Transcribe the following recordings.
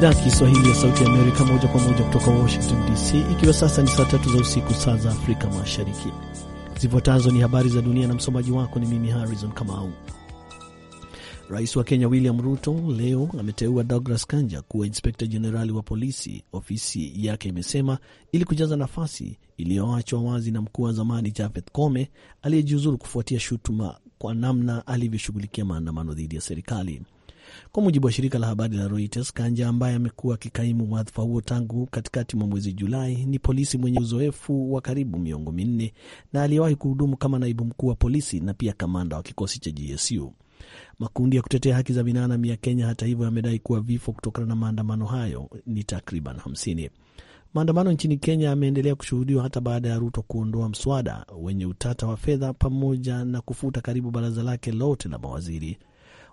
idhaa Kiswahili ya Sauti ya Amerika moja kwa moja kutoka Washington DC, ikiwa sasa ni saa tatu za usiku, saa za Afrika Mashariki. Zifuatazo ni habari za dunia na msomaji wako ni mimi Harrison Kamau. Rais wa Kenya William Ruto leo ameteua Douglas Kanja kuwa inspekta jenerali wa polisi, ofisi yake imesema, ili kujaza nafasi iliyoachwa wazi na mkuu wa zamani Japhet come aliyejiuzuru kufuatia shutuma kwa namna alivyoshughulikia maandamano dhidi ya serikali. Kwa mujibu wa shirika la habari la Reuters, Kanja ambaye amekuwa akikaimu wadhifa huo tangu katikati mwa mwezi Julai ni polisi mwenye uzoefu wa karibu miongo minne na aliyewahi kuhudumu kama naibu mkuu wa polisi na pia kamanda wa kikosi cha GSU. Makundi ya kutetea haki za binadamu ya Kenya, hata hivyo, yamedai kuwa vifo kutokana na maandamano hayo ni takriban hamsini. Maandamano nchini Kenya yameendelea kushuhudiwa hata baada ya Ruto kuondoa mswada wenye utata wa fedha pamoja na kufuta karibu baraza lake lote la mawaziri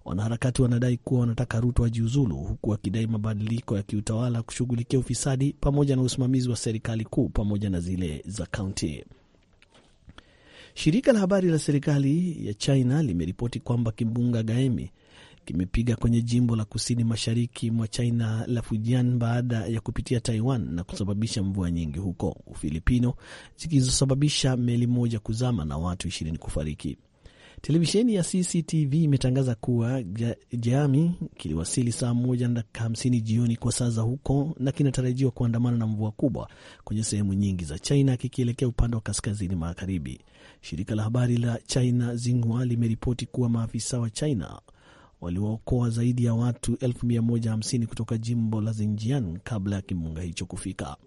Wanaharakati wanadai kuwa wanataka Ruto ajiuzulu huku wakidai mabadiliko ya kiutawala kushughulikia ufisadi pamoja na usimamizi wa serikali kuu pamoja na zile za kaunti. Shirika la habari la serikali ya China limeripoti kwamba kimbunga Gaemi kimepiga kwenye jimbo la kusini mashariki mwa China la Fujian baada ya kupitia Taiwan na kusababisha mvua nyingi huko Ufilipino zikizosababisha meli moja kuzama na watu ishirini kufariki. Televisheni ya CCTV imetangaza kuwa Jami kiliwasili saa moja na dakika hamsini jioni kwa saa za huko na kinatarajiwa kuandamana na mvua kubwa kwenye sehemu nyingi za China kikielekea upande wa kaskazini magharibi. Shirika la habari la China Xinhua limeripoti kuwa maafisa wa China waliwaokoa zaidi ya watu 150 kutoka jimbo la Xinjiang kabla ya kimbunga hicho kufika.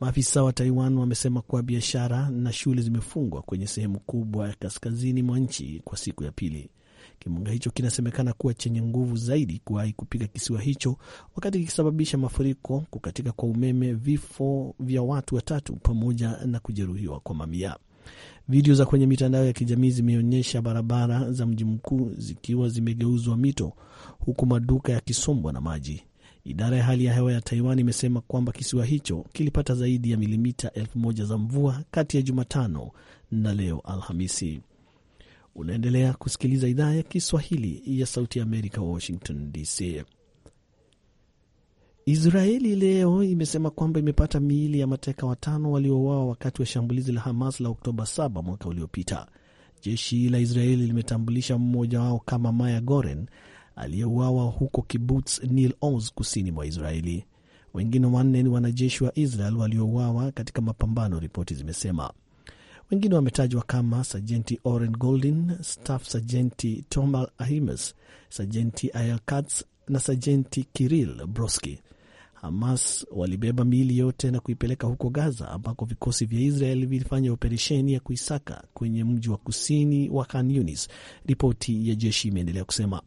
Maafisa wa Taiwan wamesema kuwa biashara na shule zimefungwa kwenye sehemu kubwa ya kaskazini mwa nchi kwa siku ya pili. Kimbunga hicho kinasemekana kuwa chenye nguvu zaidi kuwahi kupiga kisiwa hicho, wakati kikisababisha mafuriko, kukatika kwa umeme, vifo vya watu watatu pamoja na kujeruhiwa kwa mamia. Video za kwenye mitandao ya kijamii zimeonyesha barabara za mji mkuu zikiwa zimegeuzwa mito, huku maduka yakisombwa na maji. Idara ya hali ya hewa ya Taiwan imesema kwamba kisiwa hicho kilipata zaidi ya milimita elfu moja za mvua kati ya Jumatano na leo Alhamisi. Unaendelea kusikiliza idhaa ya Kiswahili ya Sauti ya Amerika, Washington DC. Israeli leo imesema kwamba imepata miili ya mateka watano waliouawa wakati wa shambulizi la Hamas la Oktoba 7 mwaka uliopita. Jeshi la Israeli limetambulisha mmoja wao kama Maya Goren aliyeuawa huko kibuts Nil Oz kusini mwa Israeli. Wengine wanne ni wanajeshi wa Israel waliouawa katika mapambano, ripoti zimesema. Wengine wametajwa kama Sajenti Oren Goldin, Staff Sajenti Tomal Ahimes, Sajenti Ayel Katz na Sajenti Kiril Broski. Hamas walibeba miili yote na kuipeleka huko Gaza ambako vikosi vya Israel vilifanya operesheni ya kuisaka kwenye mji wa kusini wa Khan Yunis, ripoti ya jeshi imeendelea kusema.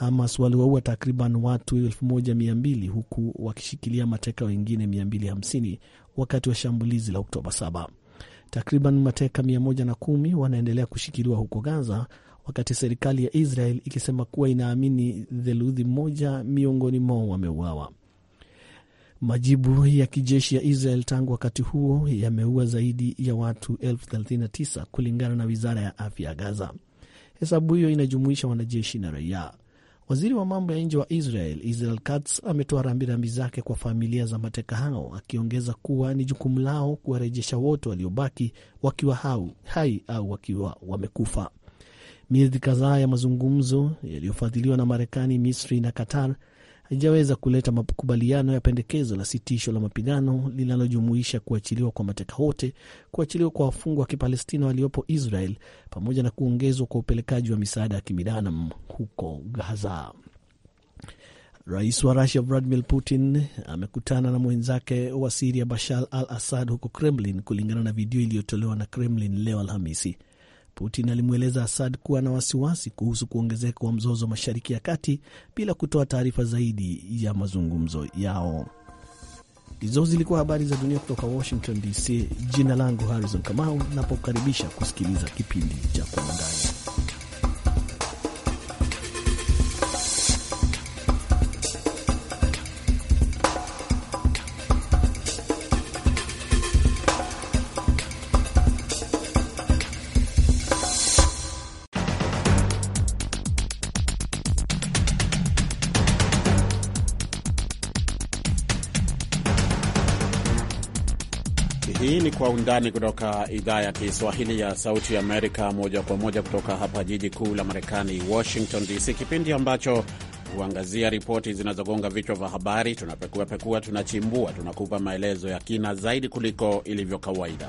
Hamas waliwaua takriban watu 1200 huku wakishikilia mateka wengine 250 wakati wa shambulizi la Oktoba 7. Takriban mateka 110 wanaendelea kushikiliwa huko Gaza, wakati serikali ya Israel ikisema kuwa inaamini theluthi moja miongoni mwao wameuawa. Majibu ya kijeshi ya Israel tangu wakati huo yameua zaidi ya watu 39 kulingana na wizara ya afya ya Gaza. Hesabu hiyo inajumuisha wanajeshi na raia. Waziri wa mambo ya nje wa Israel Israel Katz ametoa rambirambi zake kwa familia za mateka hao, akiongeza kuwa ni jukumu lao kuwarejesha wote waliobaki wakiwa hau, hai au wakiwa wamekufa. Miezi kadhaa ya mazungumzo yaliyofadhiliwa na Marekani, Misri na Qatar haijaweza kuleta makubaliano ya pendekezo la sitisho la mapigano linalojumuisha kuachiliwa kwa mateka wote, kuachiliwa kwa wafungwa wa Kipalestina waliopo Israel pamoja na kuongezwa kwa upelekaji wa misaada ya kibinadamu huko Gaza. Rais wa Rusia Vladimir Putin amekutana na mwenzake wa Siria Bashar al Assad huko Kremlin, kulingana na video iliyotolewa na Kremlin leo Alhamisi. Putin alimweleza Assad kuwa na wasiwasi kuhusu kuongezeka kwa mzozo Mashariki ya Kati bila kutoa taarifa zaidi ya mazungumzo yao. Hizo zilikuwa habari za dunia kutoka Washington DC. Jina langu Harrison Kamau, napokaribisha kusikiliza kipindi cha Kwa Undani. undani kutoka idhaa ya Kiswahili ya Sauti Amerika, moja kwa moja kutoka hapa jiji kuu la Marekani, Washington DC, kipindi ambacho huangazia ripoti zinazogonga vichwa vya habari. Tunapekuapekua, tunachimbua, tunakupa maelezo ya kina zaidi kuliko ilivyo kawaida.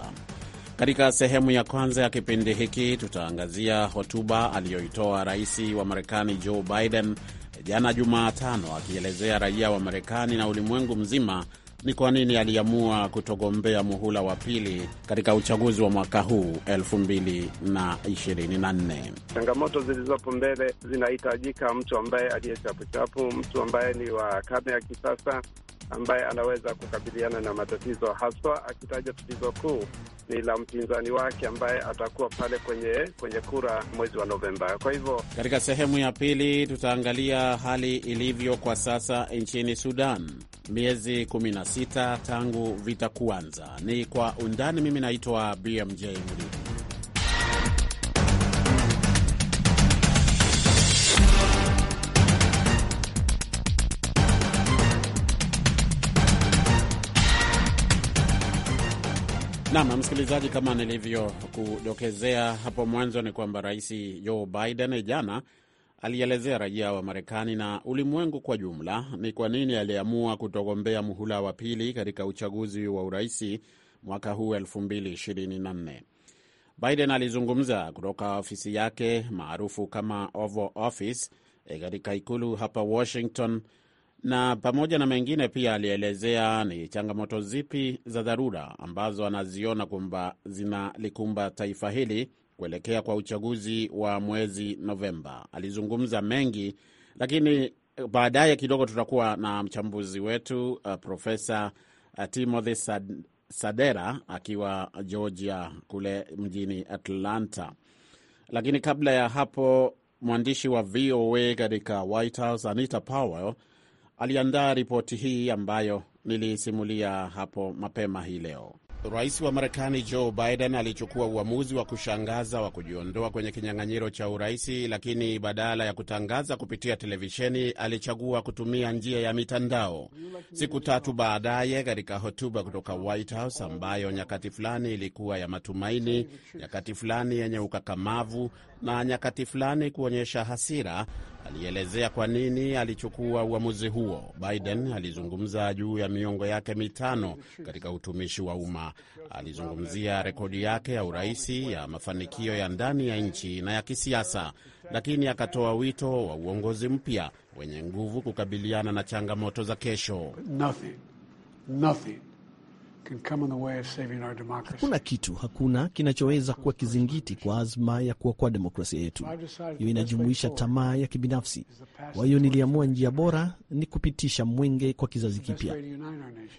Katika sehemu ya kwanza ya kipindi hiki tutaangazia hotuba aliyoitoa rais wa Marekani Joe Biden jana jumaatano akielezea raia wa Marekani na ulimwengu mzima ni kwa nini aliamua kutogombea muhula wa pili katika uchaguzi wa mwaka huu 2024. Changamoto zilizopo mbele zinahitajika mtu ambaye aliye chapuchapu, mtu ambaye ni wa karne ya kisasa, ambaye anaweza kukabiliana na matatizo haswa, akitaja tatizo kuu ni la mpinzani wake ambaye atakuwa pale kwenye kwenye kura mwezi wa Novemba. Kwa hivyo katika sehemu ya pili tutaangalia hali ilivyo kwa sasa nchini Sudan, miezi 16 tangu vita kuanza. Ni kwa undani. Mimi naitwa BMJ Mridhi. Nam msikilizaji, kama nilivyokudokezea hapo mwanzo ni kwamba Rais Joe Biden jana alielezea raia wa Marekani na ulimwengu kwa jumla ni kwa nini aliamua kutogombea muhula wa pili katika uchaguzi wa uraisi mwaka huu 2024. Biden alizungumza kutoka ofisi yake maarufu kama Oval Office eh, katika ikulu hapa Washington, na pamoja na mengine pia alielezea ni changamoto zipi za dharura ambazo anaziona kwamba zinalikumba taifa hili kuelekea kwa uchaguzi wa mwezi Novemba. Alizungumza mengi, lakini baadaye kidogo tutakuwa na mchambuzi wetu uh, Profesa uh, Timothy Sad Sadera akiwa Georgia kule mjini Atlanta. Lakini kabla ya hapo, mwandishi wa VOA katika White House Anita Powell aliandaa ripoti hii ambayo niliisimulia hapo mapema hii leo. Rais wa Marekani Joe Biden alichukua uamuzi wa kushangaza wa kujiondoa kwenye kinyang'anyiro cha uraisi, lakini badala ya kutangaza kupitia televisheni alichagua kutumia njia ya mitandao. Siku tatu baadaye, katika hotuba kutoka White House ambayo nyakati fulani ilikuwa ya matumaini, nyakati fulani yenye ukakamavu na nyakati fulani kuonyesha hasira, alielezea kwa nini alichukua uamuzi huo. Biden alizungumza juu ya miongo yake mitano katika utumishi wa umma. Alizungumzia rekodi yake ya uraisi, ya mafanikio ya ndani ya nchi na ya kisiasa, lakini akatoa wito wa uongozi mpya wenye nguvu kukabiliana na changamoto za kesho. Nothing. Nothing. Hakuna kitu, hakuna kinachoweza kuwa kizingiti kwa azma ya kuokoa demokrasia yetu. Hiyo inajumuisha tamaa ya kibinafsi. Kwa hiyo niliamua njia bora ni kupitisha mwenge kwa kizazi kipya,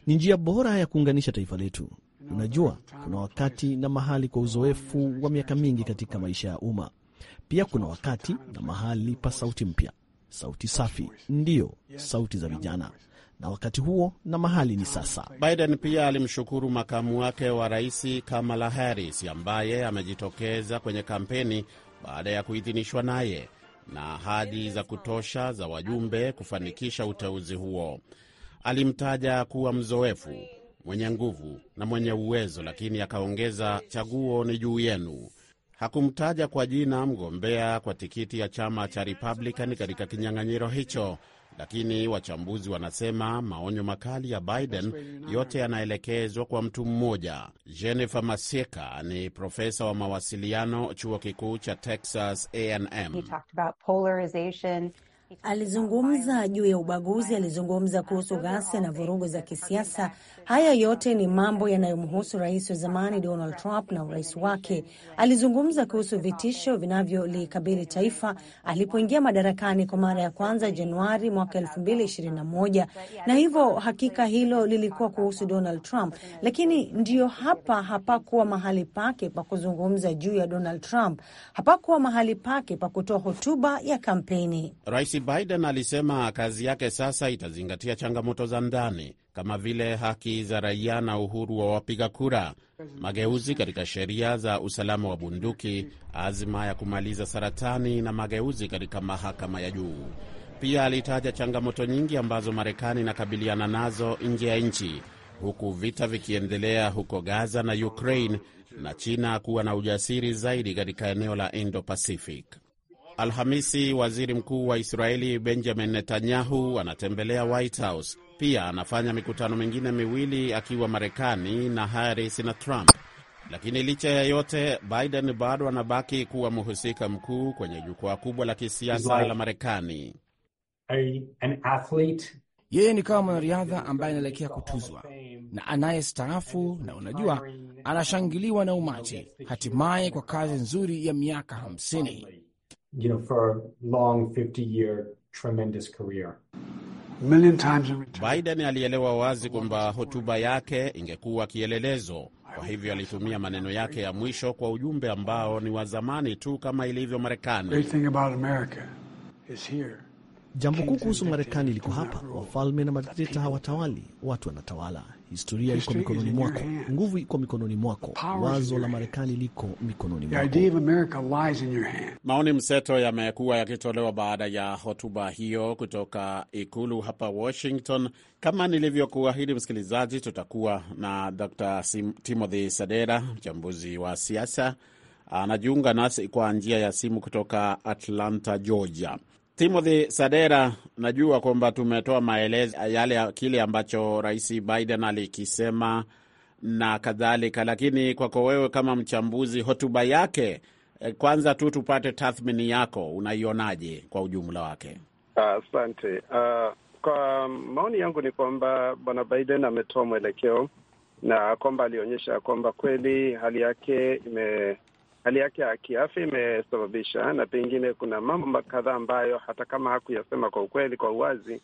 ni njia bora ya kuunganisha taifa letu. Unajua, kuna wakati na mahali kwa uzoefu wa miaka mingi katika maisha ya umma. Pia kuna wakati na mahali pa sauti mpya, sauti safi, ndiyo sauti za vijana na wakati huo na mahali ni sasa. Biden pia alimshukuru makamu wake wa rais Kamala Harris ambaye amejitokeza kwenye kampeni baada ya kuidhinishwa naye na ahadi za kutosha za wajumbe kufanikisha uteuzi huo. Alimtaja kuwa mzoefu, mwenye nguvu na mwenye uwezo, lakini akaongeza, chaguo ni juu yenu. Hakumtaja kwa jina mgombea kwa tikiti ya chama cha Republican katika kinyang'anyiro hicho lakini wachambuzi wanasema maonyo makali ya Biden yote yanaelekezwa kwa mtu mmoja. Jennifer Masika ni profesa wa mawasiliano chuo kikuu cha Texas A&M. Alizungumza juu ya ubaguzi, alizungumza kuhusu ghasia na vurugu za kisiasa. Haya yote ni mambo yanayomhusu rais wa zamani Donald Trump na urais wake. Alizungumza kuhusu vitisho vinavyolikabili taifa alipoingia madarakani kwa mara ya kwanza Januari mwaka 2021, na hivyo hakika hilo lilikuwa kuhusu Donald Trump, lakini ndiyo hapa hapakuwa mahali pake pa kuzungumza juu ya Donald Trump, hapakuwa mahali pake pa kutoa hotuba ya kampeni. Rais Biden alisema kazi yake sasa itazingatia changamoto za ndani kama vile haki za raia na uhuru wa wapiga kura, mageuzi katika sheria za usalama wa bunduki, azma ya kumaliza saratani na mageuzi katika mahakama ya juu. Pia alitaja changamoto nyingi ambazo Marekani inakabiliana nazo nje ya nchi, huku vita vikiendelea huko Gaza na Ukraine, na China kuwa na ujasiri zaidi katika eneo la Indo-Pacific. Alhamisi waziri mkuu wa Israeli Benjamin Netanyahu anatembelea White House. Pia anafanya mikutano mingine miwili akiwa Marekani na Harris na Trump. Lakini licha ya yote, Biden bado anabaki kuwa mhusika mkuu kwenye jukwaa kubwa la kisiasa la Marekani. Yeye ni kama mwanariadha ambaye anaelekea kutuzwa na anayestaafu, na unajua, anashangiliwa na umati, hatimaye kwa kazi nzuri ya miaka hamsini you know, for a long 50-year tremendous career. Biden alielewa wazi kwamba hotuba yake ingekuwa kielelezo. Kwa hivyo alitumia maneno yake ya mwisho kwa ujumbe ambao ni wa zamani tu kama ilivyo Marekani. Jambo kuu kuhusu Marekani liko hapa: wafalme na madikteta hawatawali, watu wanatawala. Historia iko mikononi mwako, nguvu iko mikononi mwako, wazo la Marekani liko mikononi mwako. Maoni mseto yamekuwa yakitolewa baada ya hotuba hiyo kutoka ikulu hapa Washington. Kama nilivyokuahidi, msikilizaji, tutakuwa na Dr. Timothy Sadera, mchambuzi wa siasa, anajiunga nasi kwa njia ya simu kutoka Atlanta, Georgia. Timothy Sadera, najua kwamba tumetoa maelezo yale kile ambacho Rais Biden alikisema na kadhalika, lakini kwako wewe kama mchambuzi, hotuba yake eh, kwanza tu tupate tathmini yako, unaionaje kwa ujumla wake? Asante. Uh, uh, kwa maoni yangu ni kwamba bwana Biden ametoa mwelekeo na kwamba alionyesha kwamba kweli hali yake ime hali yake ya kiafya imesababisha, na pengine kuna mambo kadhaa ambayo hata kama hakuyasema kwa ukweli, kwa uwazi,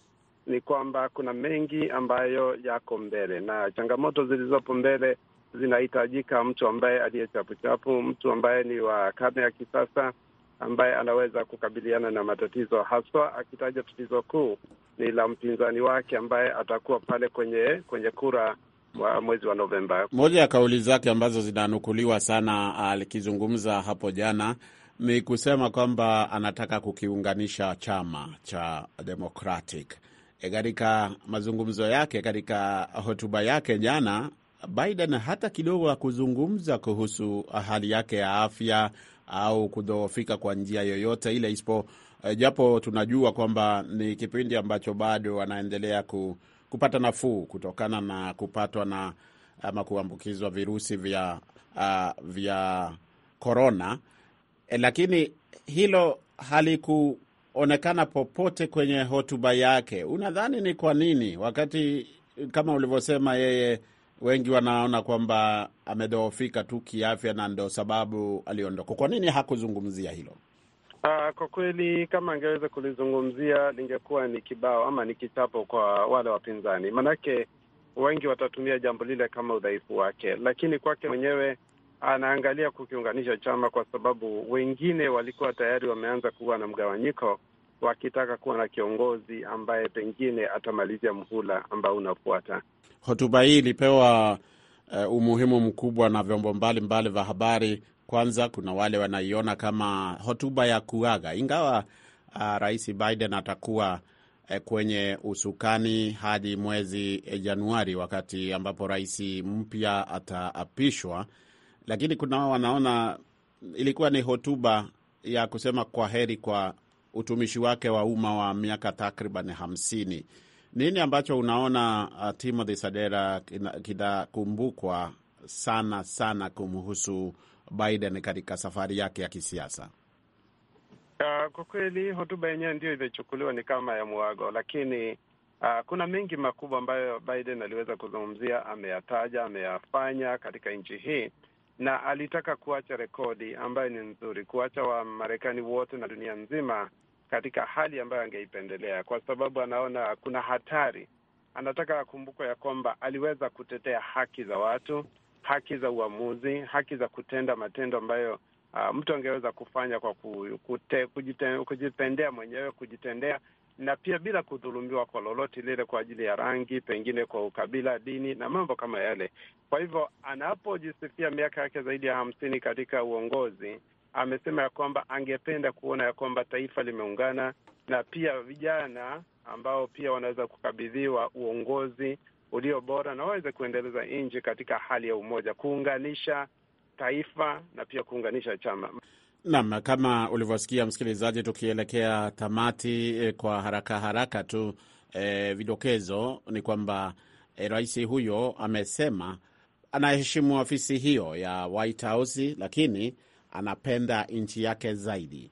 ni kwamba kuna mengi ambayo yako mbele na changamoto zilizopo mbele zinahitajika mtu ambaye aliye chapuchapu, mtu ambaye ni wa karne ya kisasa, ambaye anaweza kukabiliana na matatizo, haswa akitaja tatizo kuu ni la mpinzani wake ambaye atakuwa pale kwenye kwenye kura wa mwezi wa Novemba. Moja ya kauli zake ambazo zinanukuliwa sana alikizungumza ah, hapo jana ni kusema kwamba anataka kukiunganisha chama cha Democratic. E, katika mazungumzo yake, katika hotuba yake jana, Biden hata kidogo hakuzungumza kuhusu hali yake ya afya au kudhoofika kwa njia yoyote ile isipo, eh, japo tunajua kwamba ni kipindi ambacho bado anaendelea ku kupata nafuu kutokana na kupatwa na ama kuambukizwa virusi vya uh, vya korona e, lakini hilo halikuonekana popote kwenye hotuba yake. Unadhani ni kwa nini? Wakati kama ulivyosema yeye, wengi wanaona kwamba amedhoofika tu kiafya na ndo sababu aliondoka. Kwa nini hakuzungumzia hilo? Uh, kwa kweli kama angeweza kulizungumzia lingekuwa ni kibao ama ni kichapo kwa wale wapinzani, maanake wengi watatumia jambo lile kama udhaifu wake, lakini kwake mwenyewe anaangalia kukiunganisha chama, kwa sababu wengine walikuwa tayari wameanza kuwa na mgawanyiko wakitaka kuwa na kiongozi ambaye pengine atamalizia mhula ambao unafuata. Hotuba hii ilipewa uh, umuhimu mkubwa na vyombo mbalimbali vya habari kwanza kuna wale wanaiona kama hotuba ya kuaga, ingawa uh, Rais Biden atakuwa eh, kwenye usukani hadi mwezi eh, Januari, wakati ambapo rais mpya ataapishwa. Lakini kuna wao wanaona ilikuwa ni hotuba ya kusema kwa heri kwa utumishi wake wa umma wa miaka takriban hamsini. Nini ambacho unaona ah, Timothy Sadera kinakumbukwa sana sana kumhusu Biden katika safari yake ya kisiasa? Uh, kwa kweli hotuba yenyewe ndiyo imechukuliwa ni kama ya mwago, lakini uh, kuna mengi makubwa ambayo Biden aliweza kuzungumzia, ameyataja, ameyafanya katika nchi hii, na alitaka kuacha rekodi ambayo ni nzuri, kuacha Wamarekani wote na dunia nzima katika hali ambayo angeipendelea, kwa sababu anaona kuna hatari. Anataka akumbukwa ya kwamba aliweza kutetea haki za watu, haki za uamuzi, haki za kutenda matendo ambayo uh, mtu angeweza kufanya kwa kute, kujite, kujitendea mwenyewe, kujitendea na pia bila kudhulumiwa kwa lolote lile, kwa ajili ya rangi, pengine kwa ukabila, dini na mambo kama yale. Kwa hivyo anapojisifia miaka yake zaidi ya hamsini katika uongozi, amesema ya kwamba angependa kuona ya kwamba taifa limeungana na pia vijana ambao pia wanaweza kukabidhiwa uongozi ulio bora na waweze kuendeleza nchi katika hali ya umoja, kuunganisha taifa na pia kuunganisha chama. Naam, kama ulivyosikia msikilizaji, tukielekea tamati eh, kwa haraka haraka tu eh, vidokezo ni kwamba eh, rais huyo amesema anaheshimu ofisi hiyo ya White House, lakini anapenda nchi yake zaidi.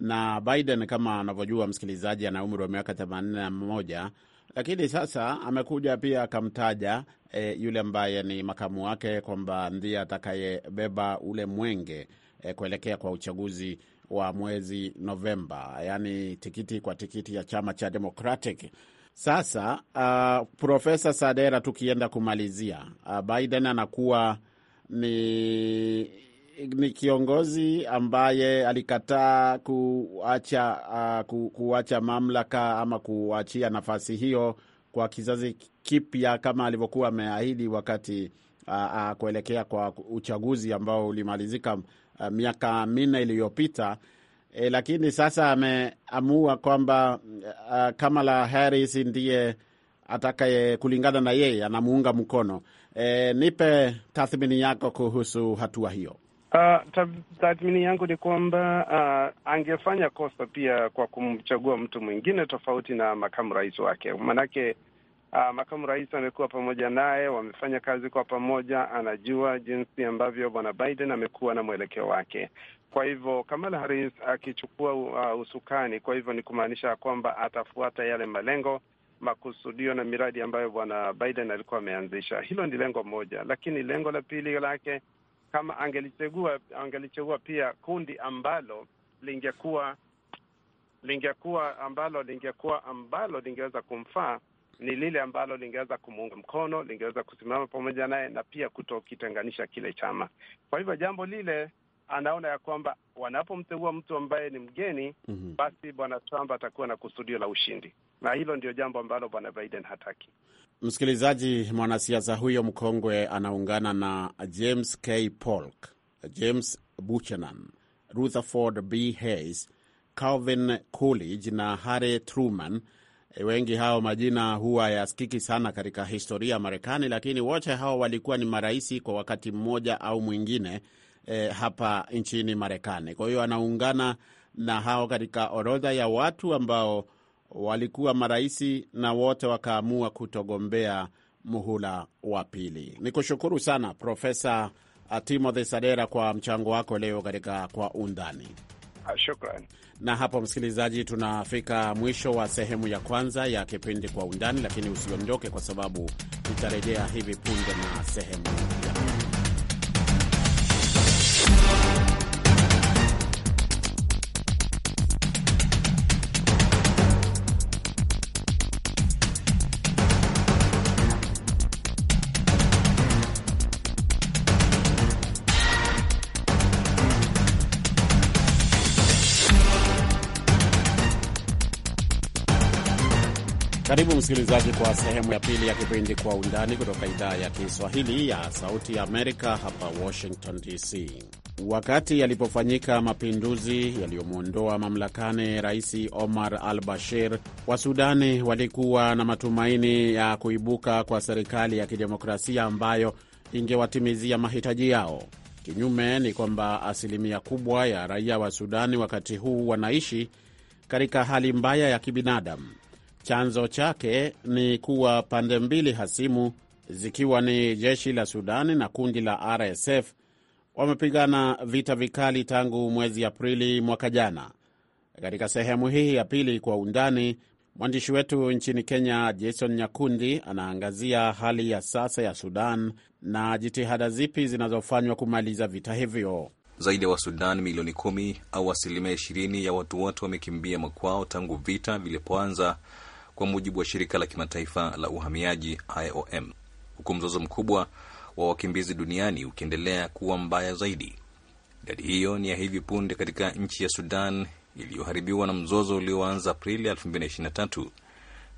Na Biden kama anavyojua msikilizaji, ana umri wa miaka moja, lakini sasa amekuja pia akamtaja e, yule ambaye ni makamu wake kwamba ndiye atakayebeba ule mwenge e, kuelekea kwa uchaguzi wa mwezi Novemba, yaani tikiti kwa tikiti ya chama cha Democratic. Sasa uh, Profesa Sadera, tukienda kumalizia uh, Biden anakuwa ni ni kiongozi ambaye alikataa kuacha, uh, ku, kuacha mamlaka ama kuachia nafasi hiyo kwa kizazi kipya kama alivyokuwa ameahidi wakati uh, uh, kuelekea kwa uchaguzi ambao ulimalizika uh, miaka minne iliyopita. E, lakini sasa ameamua kwamba uh, Kamala Harris ndiye atakaye kulingana na yeye anamuunga mkono. E, nipe tathmini yako kuhusu hatua hiyo. Uh, tathmini yangu ni kwamba uh, angefanya kosa pia kwa kumchagua mtu mwingine tofauti na makamu rais wake, manake uh, makamu rais amekuwa pamoja naye, wamefanya kazi kwa pamoja, anajua jinsi ambavyo bwana Biden amekuwa na mwelekeo wake. Kwa hivyo Kamala Harris akichukua uh, usukani, kwa hivyo ni kumaanisha kwamba atafuata yale malengo makusudio na miradi ambayo bwana Biden alikuwa ameanzisha. Hilo ni lengo moja, lakini lengo la pili lake kama angelichagua angelichagua pia kundi ambalo lingekuwa lingekuwa ambalo lingekuwa ambalo lingeweza kumfaa ni lile ambalo lingeweza kumuunga mkono, lingeweza kusimama pamoja naye na pia kutokitenganisha kile chama. Kwa hivyo jambo lile anaona ya kwamba wanapomteua mtu ambaye ni mgeni mm -hmm. basi bwana Trump atakuwa na kusudio la ushindi, na hilo ndio jambo ambalo bwana Biden hataki. Msikilizaji, mwanasiasa huyo mkongwe anaungana na James K. Polk, James Buchanan, Rutherford B. Hayes, Calvin Coolidge na Harry Truman. E, wengi hao majina huwa yasikiki sana katika historia ya Marekani, lakini wote hao walikuwa ni maraisi kwa wakati mmoja au mwingine e, hapa nchini Marekani. Kwa hiyo anaungana na hao katika orodha ya watu ambao walikuwa maraisi na wote wakaamua kutogombea muhula wa pili. Ni kushukuru sana Profesa Timothy Sadera kwa mchango wako leo katika Kwa Undani. Ah, Shukran. Na hapo, msikilizaji, tunafika mwisho wa sehemu ya kwanza ya kipindi Kwa Undani, lakini usiondoke, kwa sababu tutarejea hivi punde na sehemu msikilizaji, kwa sehemu ya pili ya kipindi Kwa Undani kutoka idhaa ya Kiswahili ya Sauti ya Amerika hapa Washington DC. Wakati yalipofanyika mapinduzi yaliyomwondoa mamlakani Rais Omar al Bashir, Wasudani walikuwa na matumaini ya kuibuka kwa serikali ya kidemokrasia ambayo ingewatimizia mahitaji yao. Kinyume ni kwamba asilimia kubwa ya raia wa Sudani wakati huu wanaishi katika hali mbaya ya kibinadamu. Chanzo chake ni kuwa pande mbili hasimu zikiwa ni jeshi la Sudani na kundi la RSF wamepigana vita vikali tangu mwezi Aprili mwaka jana. Katika sehemu hii ya pili kwa undani, mwandishi wetu nchini Kenya Jason Nyakundi anaangazia hali ya sasa ya Sudan na jitihada zipi zinazofanywa kumaliza vita hivyo. Zaidi ya wa Wasudan milioni kumi au asilimia ishirini ya watu wote wamekimbia makwao tangu vita vilipoanza kwa mujibu wa shirika la kimataifa la uhamiaji IOM, huku mzozo mkubwa wa wakimbizi duniani ukiendelea kuwa mbaya zaidi. Idadi hiyo ni ya hivi punde katika nchi ya Sudan iliyoharibiwa na mzozo ulioanza Aprili 2023.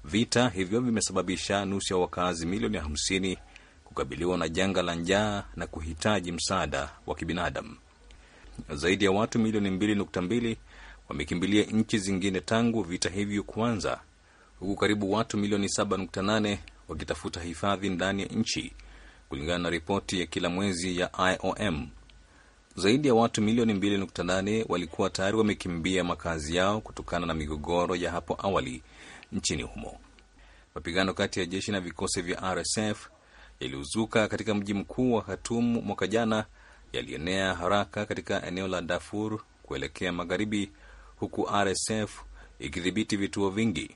Vita hivyo vimesababisha nusu ya wakazi milioni 50 kukabiliwa na janga la njaa na kuhitaji msaada wa kibinadamu. Zaidi ya watu milioni 2.2 wamekimbilia nchi zingine tangu vita hivyo kuanza, huku karibu watu milioni 7.8 wakitafuta hifadhi ndani ya nchi, kulingana na ripoti ya kila mwezi ya IOM. Zaidi ya watu milioni 2.8 walikuwa tayari wamekimbia makazi yao kutokana na migogoro ya hapo awali nchini humo. Mapigano kati ya jeshi na vikosi vya RSF yaliyozuka katika mji mkuu wa Khartoum mwaka jana yalienea haraka katika eneo la Darfur kuelekea magharibi, huku RSF ikidhibiti vituo vingi.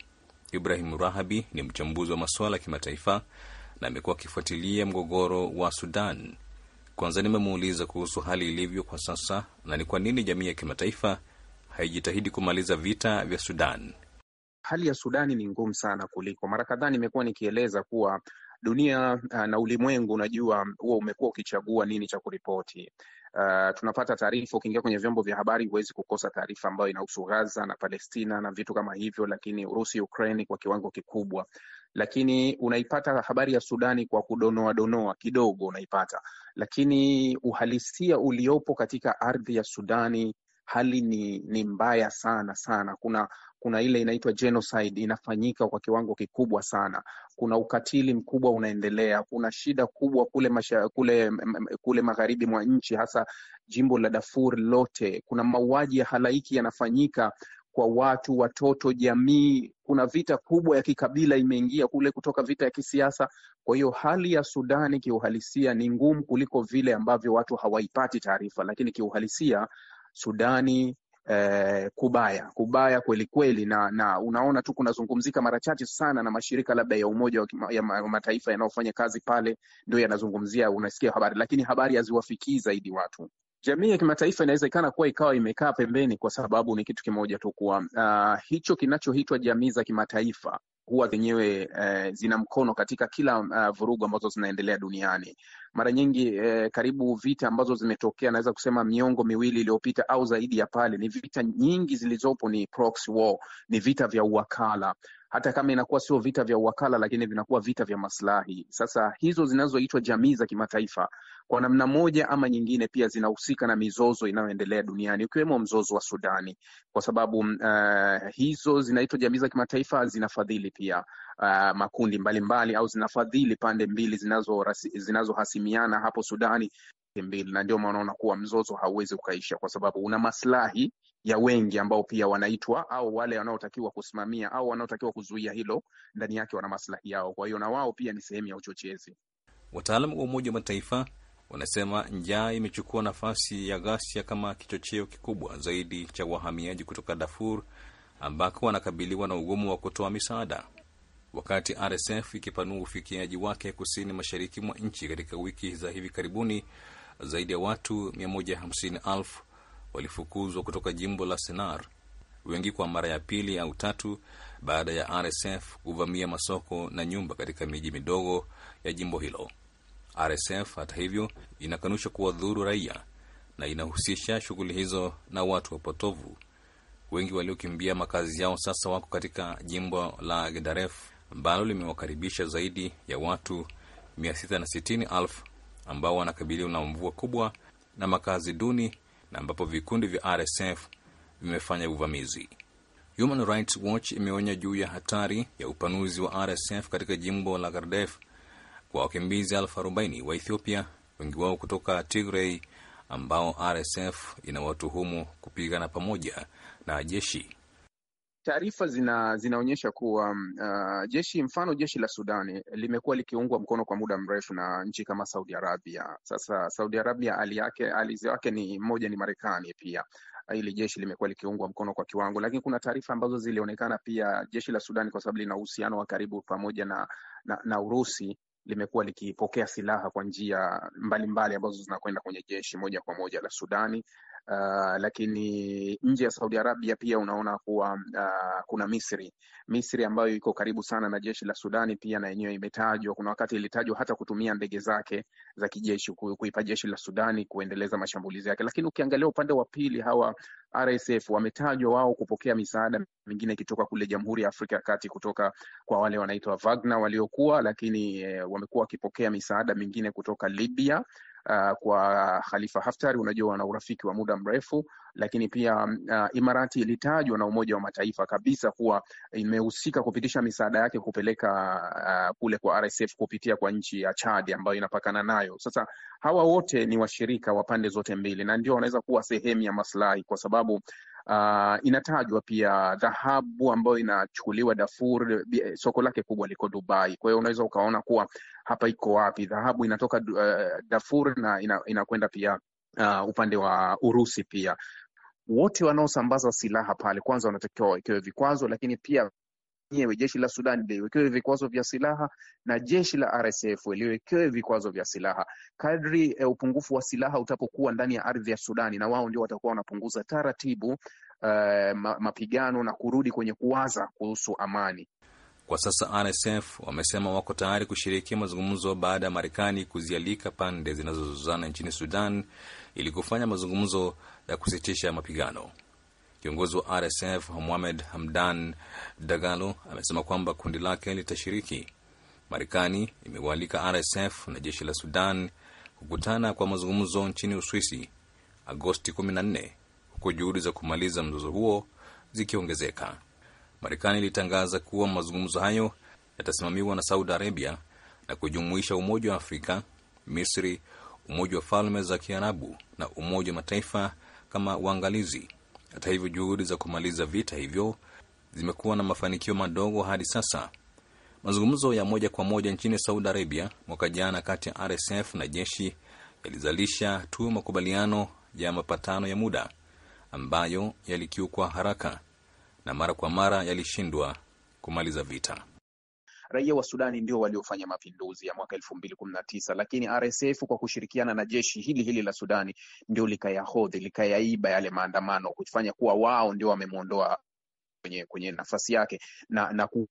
Ibrahim Rahabi ni mchambuzi wa masuala ya kimataifa na amekuwa akifuatilia mgogoro wa Sudan. Kwanza nimemuuliza kuhusu hali ilivyo kwa sasa na ni kwa nini jamii ya kimataifa haijitahidi kumaliza vita vya Sudan. Hali ya Sudani ni ngumu sana kuliko mara kadhaa nimekuwa nikieleza kuwa dunia uh, na ulimwengu, unajua huwa umekuwa ukichagua nini cha kuripoti uh, tunapata taarifa. Ukiingia kwenye vyombo vya habari huwezi kukosa taarifa ambayo inahusu Gaza na Palestina na vitu kama hivyo, lakini Urusi Ukraini kwa kiwango kikubwa lakini unaipata habari ya Sudani kwa kudonoa donoa kidogo unaipata, lakini uhalisia uliopo katika ardhi ya Sudani hali ni, ni mbaya sana sana. Kuna kuna ile inaitwa genocide inafanyika kwa kiwango kikubwa sana. Kuna ukatili mkubwa unaendelea. Kuna shida kubwa kule masha, kule, kule magharibi mwa nchi, hasa jimbo la Darfur lote. Kuna mauaji ya halaiki yanafanyika kwa watu, watoto, jamii. Kuna vita kubwa ya kikabila imeingia kule kutoka vita ya kisiasa. Kwa hiyo hali ya Sudani kiuhalisia ni ngumu kuliko vile ambavyo watu hawaipati taarifa, lakini kiuhalisia Sudani eh, kubaya kubaya kweli kweli, na, na unaona tu kunazungumzika mara chache sana, na mashirika labda ya Umoja wa ya Mataifa yanayofanya kazi pale ndio yanazungumzia, unasikia habari, lakini habari haziwafikii zaidi watu. Jamii ya kimataifa inawezekana kuwa ikawa imekaa pembeni, kwa sababu ni kitu kimoja tu kuwa uh, hicho kinachoitwa jamii za kimataifa huwa zenyewe eh, zina mkono katika kila uh, vurugu ambazo zinaendelea duniani. Mara nyingi eh, karibu vita ambazo zimetokea naweza kusema miongo miwili iliyopita au zaidi ya pale, ni vita nyingi zilizopo ni proxy war, ni vita vya uwakala hata kama inakuwa sio vita vya uwakala, lakini vinakuwa vita vya maslahi. Sasa hizo zinazoitwa jamii za kimataifa kwa namna moja ama nyingine pia zinahusika na mizozo inayoendelea duniani ukiwemo mzozo wa Sudani, kwa sababu uh, hizo zinaitwa jamii za kimataifa zinafadhili pia uh, makundi mbalimbali mbali, au zinafadhili pande mbili zinazohasimiana zinazo hapo Sudani mbili, na ndio maana unakuwa mzozo hauwezi ukaisha kwa sababu una maslahi ya wengi ambao pia wanaitwa au wale wanaotakiwa kusimamia au wanaotakiwa kuzuia hilo, ndani yake wana maslahi yao. Kwa hiyo na wao pia ni sehemu ya uchochezi. Wataalamu wa Umoja wa Mataifa wanasema njaa imechukua nafasi ya ghasia kama kichocheo kikubwa zaidi cha wahamiaji kutoka Darfur ambako wanakabiliwa na ugumu wa kutoa misaada, wakati RSF ikipanua ufikiaji wake kusini mashariki mwa nchi. Katika wiki za hivi karibuni, zaidi ya watu 150,000 walifukuzwa kutoka jimbo la Sennar, wengi kwa mara ya pili au tatu, baada ya RSF kuvamia masoko na nyumba katika miji midogo ya jimbo hilo. RSF hata hivyo inakanusha kuwadhuru raia na inahusisha shughuli hizo na watu wapotovu. Wengi waliokimbia makazi yao sasa wako katika jimbo la Gedaref ambalo limewakaribisha zaidi ya watu 660,000 ambao wanakabiliwa na mvua kubwa na makazi duni na ambapo vikundi vya RSF vimefanya uvamizi. Human Rights Watch imeonya juu ya hatari ya upanuzi wa RSF katika jimbo la Gardef kwa wakimbizi elfu arobaini wa Ethiopia, wengi wao kutoka tigrey ambao RSF inawatuhumu kupigana pamoja na jeshi taarifa zina, zinaonyesha kuwa mm, uh, jeshi mfano jeshi la Sudani limekuwa likiungwa mkono kwa muda mrefu na nchi kama Saudi Arabia. Sasa Saudi Arabia ali yake alizi wake ni moja ni Marekani pia hili jeshi limekuwa likiungwa mkono kwa kiwango, lakini kuna taarifa ambazo zilionekana pia jeshi la Sudani kwa sababu lina uhusiano wa karibu pamoja na, na, na Urusi limekuwa likipokea silaha kwa njia mbalimbali ambazo zinakwenda kwenye jeshi moja kwa moja la Sudani Uh, lakini nje ya Saudi Arabia pia unaona kuwa uh, kuna Misri, Misri ambayo iko karibu sana na jeshi la Sudani, pia na yenyewe imetajwa. Kuna wakati ilitajwa hata kutumia ndege zake za kijeshi kuipa jeshi la Sudani kuendeleza mashambulizi yake, lakini ukiangalia upande wa pili hawa RSF wametajwa wao kupokea misaada mingine ikitoka kule Jamhuri ya Afrika ya Kati kutoka kwa wale wanaitwa Wagner waliokuwa, lakini e, wamekuwa wakipokea misaada mingine kutoka Libya uh, kwa Khalifa Haftar, unajua wana urafiki wa muda mrefu, lakini pia uh, Imarati ilitajwa na Umoja wa Mataifa kabisa kuwa imehusika kupitisha misaada yake kupeleka uh, kule kwa RSF kupitia kwa nchi ya Chad ambayo inapakana nayo. Sasa hawa wote ni washirika wa pande zote mbili, na ndio wanaweza kuwa sehemu ya maslahi kwa sababu Uh, inatajwa pia dhahabu ambayo inachukuliwa Darfur, eh, soko lake kubwa liko Dubai. Kwa hiyo unaweza ukaona kuwa hapa iko wapi dhahabu inatoka uh, Darfur na ina, inakwenda pia uh, upande wa Urusi pia wote wanaosambaza silaha pale kwanza wanatakiwa wawekewe vikwazo, lakini pia lenyewe jeshi la Sudan liwekewe vikwazo vya silaha na jeshi la RSF liwekewe vikwazo vya silaha. Kadri eh, upungufu wa silaha utapokuwa ndani ya ardhi ya Sudani, na wao ndio watakuwa wanapunguza taratibu eh, mapigano na kurudi kwenye kuwaza kuhusu amani. Kwa sasa RSF wamesema wako tayari kushirikia mazungumzo baada ya Marekani kuzialika pande zinazozozana nchini Sudan ili kufanya mazungumzo ya kusitisha mapigano. Kiongozi wa RSF Mohamed Hamdan Dagalo amesema kwamba kundi lake litashiriki. Marekani imewaalika RSF na jeshi la Sudan kukutana kwa mazungumzo nchini Uswisi Agosti 14 huku juhudi za kumaliza mzozo huo zikiongezeka. Marekani ilitangaza kuwa mazungumzo hayo yatasimamiwa na Saudi Arabia na kujumuisha Umoja wa Afrika, Misri, Umoja wa Falme za Kiarabu na Umoja wa Mataifa kama uangalizi hata hivyo, juhudi za kumaliza vita hivyo zimekuwa na mafanikio madogo hadi sasa. Mazungumzo ya moja kwa moja nchini Saudi Arabia mwaka jana kati ya RSF na jeshi yalizalisha tu makubaliano ya mapatano ya muda ambayo yalikiukwa haraka na mara kwa mara yalishindwa kumaliza vita raia wa Sudani ndio waliofanya mapinduzi ya mwaka elfu mbili kumi na tisa, lakini RSF kwa kushirikiana na jeshi hili hili la Sudani ndio likayahodhi likayaiba yale maandamano kufanya kuwa wao ndio wamemwondoa kwenye, kwenye nafasi yake na, na ku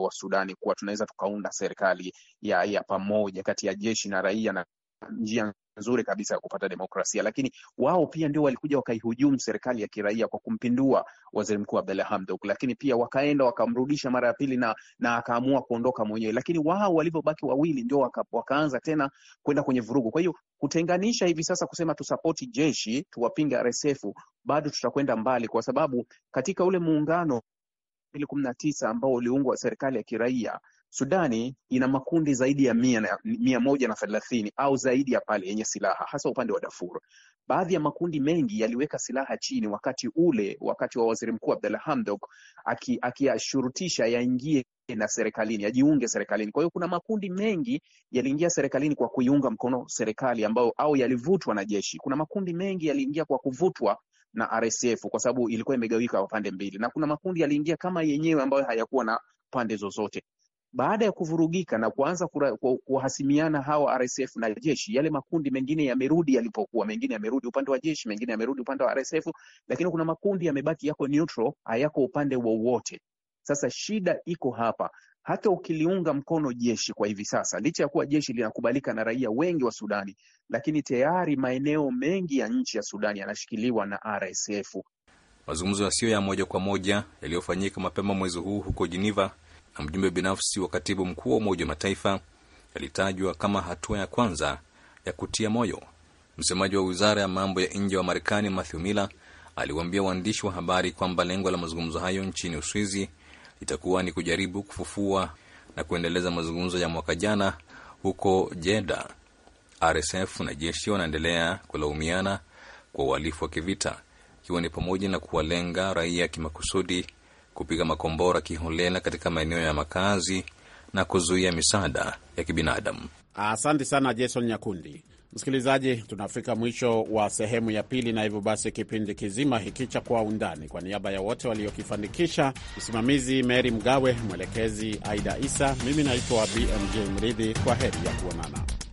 wa Sudani kuwa tunaweza tukaunda serikali ya, ya pamoja kati ya jeshi na raia na njia nzuri kabisa ya kupata demokrasia, lakini wao pia ndio walikuja wakaihujumu serikali ya kiraia kwa kumpindua waziri mkuu Abdalla Hamdok, lakini pia wakaenda wakamrudisha mara ya pili na, na akaamua kuondoka mwenyewe, lakini wao walivyobaki wawili ndio waka, wakaanza tena kwenda kwenye vurugu. Kwa hiyo kutenganisha hivi sasa kusema tusapoti jeshi tuwapinge RSF, bado tutakwenda mbali kwa sababu katika ule muungano elfu mbili kumi na tisa ambao uliungwa serikali ya kiraia Sudani ina makundi zaidi ya mia, na, mia moja na thelathini au zaidi ya pale yenye silaha hasa upande wa Darfur. Baadhi ya makundi mengi yaliweka silaha chini wakati ule wakati wa Waziri Mkuu Abdalla Hamdok akiyashurutisha aki yaingie na serikalini yajiunge serikalini. Kwa hiyo kuna makundi mengi yaliingia serikalini kwa kuiunga mkono serikali ambayo au yalivutwa na jeshi. Kuna makundi mengi yaliingia kwa kuvutwa na RSF kwa sababu ilikuwa imegawika pande mbili, na kuna makundi yaliingia kama yenyewe ambayo hayakuwa na pande zozote. Baada ya kuvurugika na kuanza kuhasimiana hawa RSF na jeshi, yale makundi mengine yamerudi yalipokuwa, mengine yamerudi upande wa jeshi, mengine yamerudi upande wa RSF, lakini kuna makundi yamebaki yako neutral, hayako upande wowote. Sasa shida iko hapa. Hata ukiliunga mkono jeshi kwa hivi sasa, licha ya kuwa jeshi linakubalika na raia wengi wa Sudani, lakini tayari maeneo mengi ya nchi ya Sudani yanashikiliwa na RSF. Mazungumzo yasiyo ya moja kwa moja yaliyofanyika mapema mwezi huu huko Geneva na mjumbe binafsi wa katibu mkuu wa Umoja wa Mataifa yalitajwa kama hatua ya kwanza ya kutia moyo. Msemaji wa wizara ya mambo ya nje wa Marekani Matthew Miller aliwaambia waandishi wa habari kwamba lengo la mazungumzo hayo nchini Uswizi litakuwa ni kujaribu kufufua na kuendeleza mazungumzo ya mwaka jana huko Jeda. RSF na jeshi wanaendelea kulaumiana kwa uhalifu wa kivita, ikiwa ni pamoja na kuwalenga raia kimakusudi kupiga makombora kiholela katika maeneo ya makazi na kuzuia misaada ya kibinadamu. Asante sana Jason Nyakundi. Msikilizaji, tunafika mwisho wa sehemu ya pili, na hivyo basi kipindi kizima hiki cha Kwa Undani, kwa niaba ya wote waliokifanikisha, msimamizi Meri Mgawe, mwelekezi Aida Isa, mimi naitwa BMJ Mridhi. Kwa heri ya kuonana.